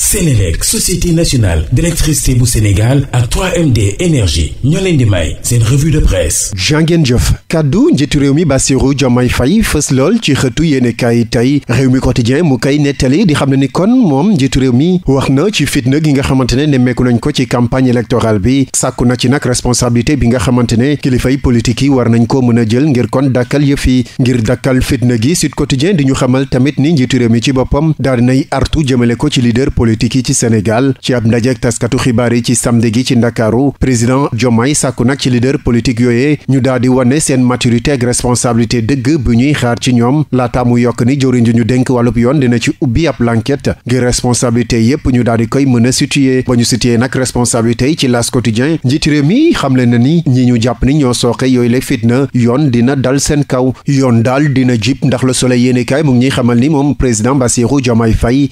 Sénélec société nationale d'électricité bu Sénégal ak 3MD énergie ñoo leen di may seen revue de presse jàngeen jëf kàddu njiitu réew mi Bassirou Diomaye fay fës lool ci xëtu yéene kaay tey réew mi quotidien mu koy nettali di xam ne ni kon moom njiitu réew mi wax na ci fitna gi nga xamante ne nemmeeku nañ ko ci campagne électorale bi sàkku na ci nag responsabilité bi nga xamante ne kilifay politique yi war nañ ko mën a jël ngir kon dàkkal yëf yi ngir dàkkal fitna gi Sud Quotidien di ñu xamal tamit ni njiitu réew mi ci boppam daal dinay artu jëmale ko ci leader politique politique yi ci Sénégal ci ab ndajeek taskatu xibaar yi ci samedi gi ci Ndakaaru président Diomaye sàkku nag ci leader politique yooyee ñu daal di wane seen maturité ak responsabilité dëgg bu ñuy xaar ci ñoom laataa mu yokk ni jëwriñ ju ñu dénk wàllub yoon dina ci ubbi ab l'enquête ngir responsabilité yépp ñu daal di koy mën a situer ba ñu situer nag responsabilité ci L'As Quotidien njiiti réew mi xamle na ni ñi ñu jàpp ni ñoo sooxe yooyu la fitna yoon dina dal seen kaw yoon daal dina jib ndax Le Soleil yéenekaay mu ngi ñuy xamal ni moom président Bassirou Diomaye Faye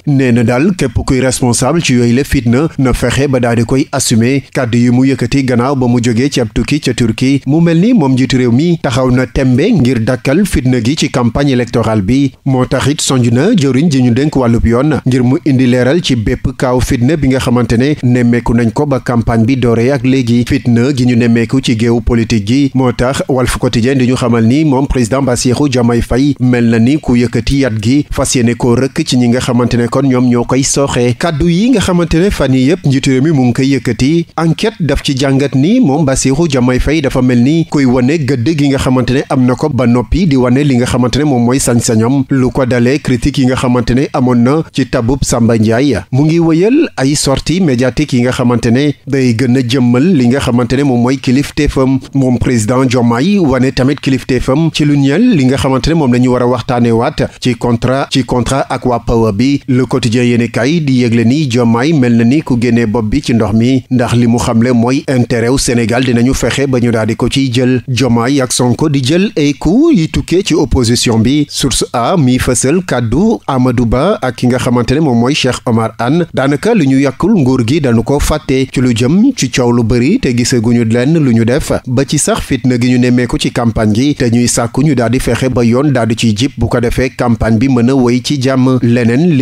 responsable ci yooyu la fitna na fexe ba daal di koy assumer kàddu yi mu yëkkati gannaaw ba mu jógee ci ab tukki ca Turquie mu mel ni moom njiitu réew mi taxaw na tembe ngir dakkal fitna gi ci campagne électorale bi moo taxit sonj na jëriñ ji ñu dénk wàllub yoon ngir mu indi leeral ci bépp kaaw fitna bi nga xamante ne nemmeeku nañ ko ba campagne bi dooree ak léegi fitna gi ñu nemmeeku ci géew politique gi moo tax Walf Quotidien di ñu xamal ni moom président Bassirou Diomaye Faye mel na gi fas waaye kàddu yi nga xamante ne fan yi yëpp njiitu réew mu ngi koy yëkkati enquête daf ci jàngat ni moom Bassirou Diomaye Faye dafa mel ni kuy wane gëdd gi nga xamante ne am na ko ba noppi di wane li nga xamante ne moom mooy sañ-sañam lu ko dalee critique yi nga xamante ne amoon na ci tabub Samba ya mu ngi wëyal ay sorties médiatiques yi nga xamante ne day gën a jëmmal li nga xamante ne moom mooy fam moom président Diomaye wane tamit fam ci lu li nga xamante ne moom la ñu war a waxtaane waat ci contrat ci contrat ak waa bi le quotidien di yëgle ni Diomaye mel na ni ku génnee bopp bi ci ndox mi ndax li mu xamle mooy intérêt wu Sénégal dinañu fexe ba ñu daal di ko ciy jël Diomaye ak Sonko di jël ay coup yi tukkee ci opposition bi source a mi fësal kàddu Amadou Ba ak ki nga xamante ne moom mooy Cheikh Omar Anne daanaka li ñu yàkkul nguur gi dañu ko fàtte ci lu jëm ci coow lu bëri te gisaguñu lenn lu ñu def ba ci sax fitna gi ñu nemmeeku ci campagne gi te ñuy sàkku ñu daal di fexe ba yoon daal di ciy jip bu ko defee campagne bi mën a wéy ci jàmm leneen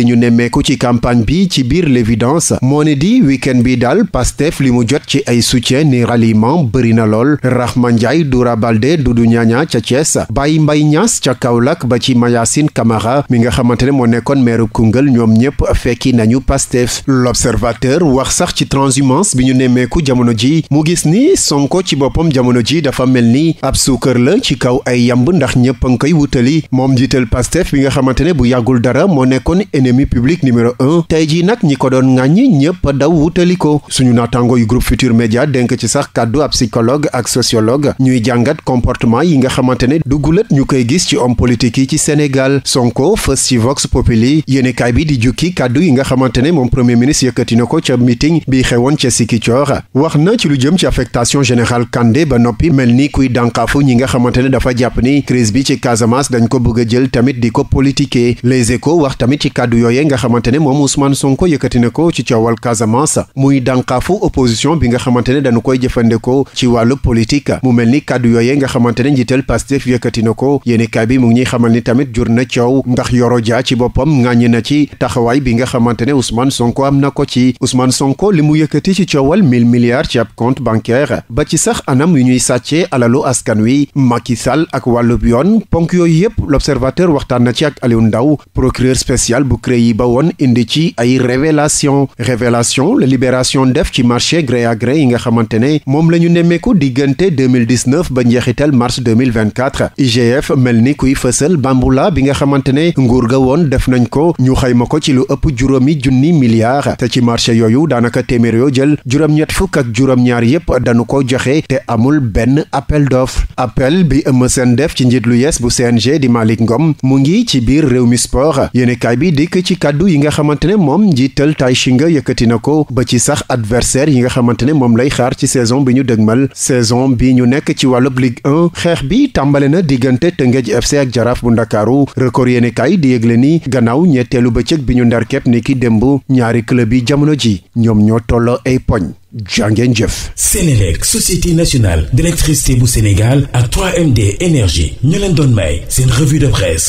ci campagne bi bi ci biir l'évidence moo ne di week-end bi daal Pastef li mu jot ci ay soutien ni raliment bëri na lool Rahma Ndiaye rabalde du du Ñaña ca Thiès Baye mbay Niass ca Kaolack ba ci Mayacine Camara mi nga xamante ne moo nekkoon meeru Koungheul ñoom ñëpp fekki nañu Pastef l'observateur wax sax ci transhumance bi ñu nemmeeku jamono ji mu gis ni Sonko ci boppam jamono ji dafa mel ni ab suukar la ci kaw ay yamb ndax ñëpp a ngi koy wutali moom jiital Pastef bi nga xamante ne bu yàggul dara moo nekkoon ji nag ñi ko doon ŋàññi ñëpp daw wutali ko suñu naataango yu groupe Futur Média dénk ci sax kàddu ab psychologue ak sociologue ñuy jàngat comportement yi nga xamante ne duggulat ñu koy gis ci om politique yi ci Sénégal Sonko fës ci Vox Populi yéenekaay bi di jukki kaddu yi nga xamante ne moom premier ministre yëkkati na ko ca meeting bi xewoon ca Sikicoor wax na ci lu jëm ci affectation général Kandé ba noppi mel ni kuy dànkaafu ñi nga xamante ne dafa jàpp ni crise bi ci Casamance dañ ko bëgg jël tamit di ko politiquer les échos wax tamit ci kàddu yooye Sonko yëkkati na ko ci coowal Casamance muy dànkaafu opposition bi nga xamante ne danu koy jëfandikoo ci wàllu politique mu mel ni kàddu yooye nga xamante ne njiital Pastef yëkkati na ko yéenekaay bi mu ngi ñuy xamal ni tamit jur na coow ndax Yoro Dia ci boppam ŋàññi na ci taxawaay bi nga xamante ne Ousmane Sonko am na ko ci Ousmane Sonko li mu yëkkati ci coowal 1000 milliards ci ab compte bancaire ba ci sax anam yu ñuy sàccee alalu askan wi Macky Sall ak wàllub yoon ponk yooyu yëpp l'observateur waxtaan na ci ak Aliou Ndao procureur spécial bu CREI ba di révélation révélation la libération def ci marché gré à gré yi nga xamante ne moom la ñu nemmeeku diggante 2019 ba njeexital mars 2024 IGF mel ni kuy fësal bambula bi nga xamante ne nguur nga woon def nañ ko ñu xayma ko ci lu ëpp juróomi junni milliards te ci marché yooyu daanaka téeméer yoo jël juróom-ñett fukk ak juróom-ñaar yépp dañu ko joxe te amul benn appel d'offre appel bi Eumeu def ci njiit lu yees bu CNG di Malick Ngom mu ngi ci biir réew mi sport moom njiital Taïchinga yëkkati na ko ba ci sax adversaire yi nga xamante ne moom lay xaar ci saison bi ñu dëgmal saison bi ñu nekk ci wàllub Ligue xeex bi tàmbale na diggante Tëngéej FC ak Jaraaf bu Ndakaaru record yéene kaay di yëgle ni gannaaw ñetteelu bëccëg bi ñu ndar képp ni ki démb ñaari club yi jamono ji ñoom ñoo tolloo ay poñ jàngeen jëf Sénélec société nationale d'électricité bu Sénégal énergie ñu leen doon may seen de presse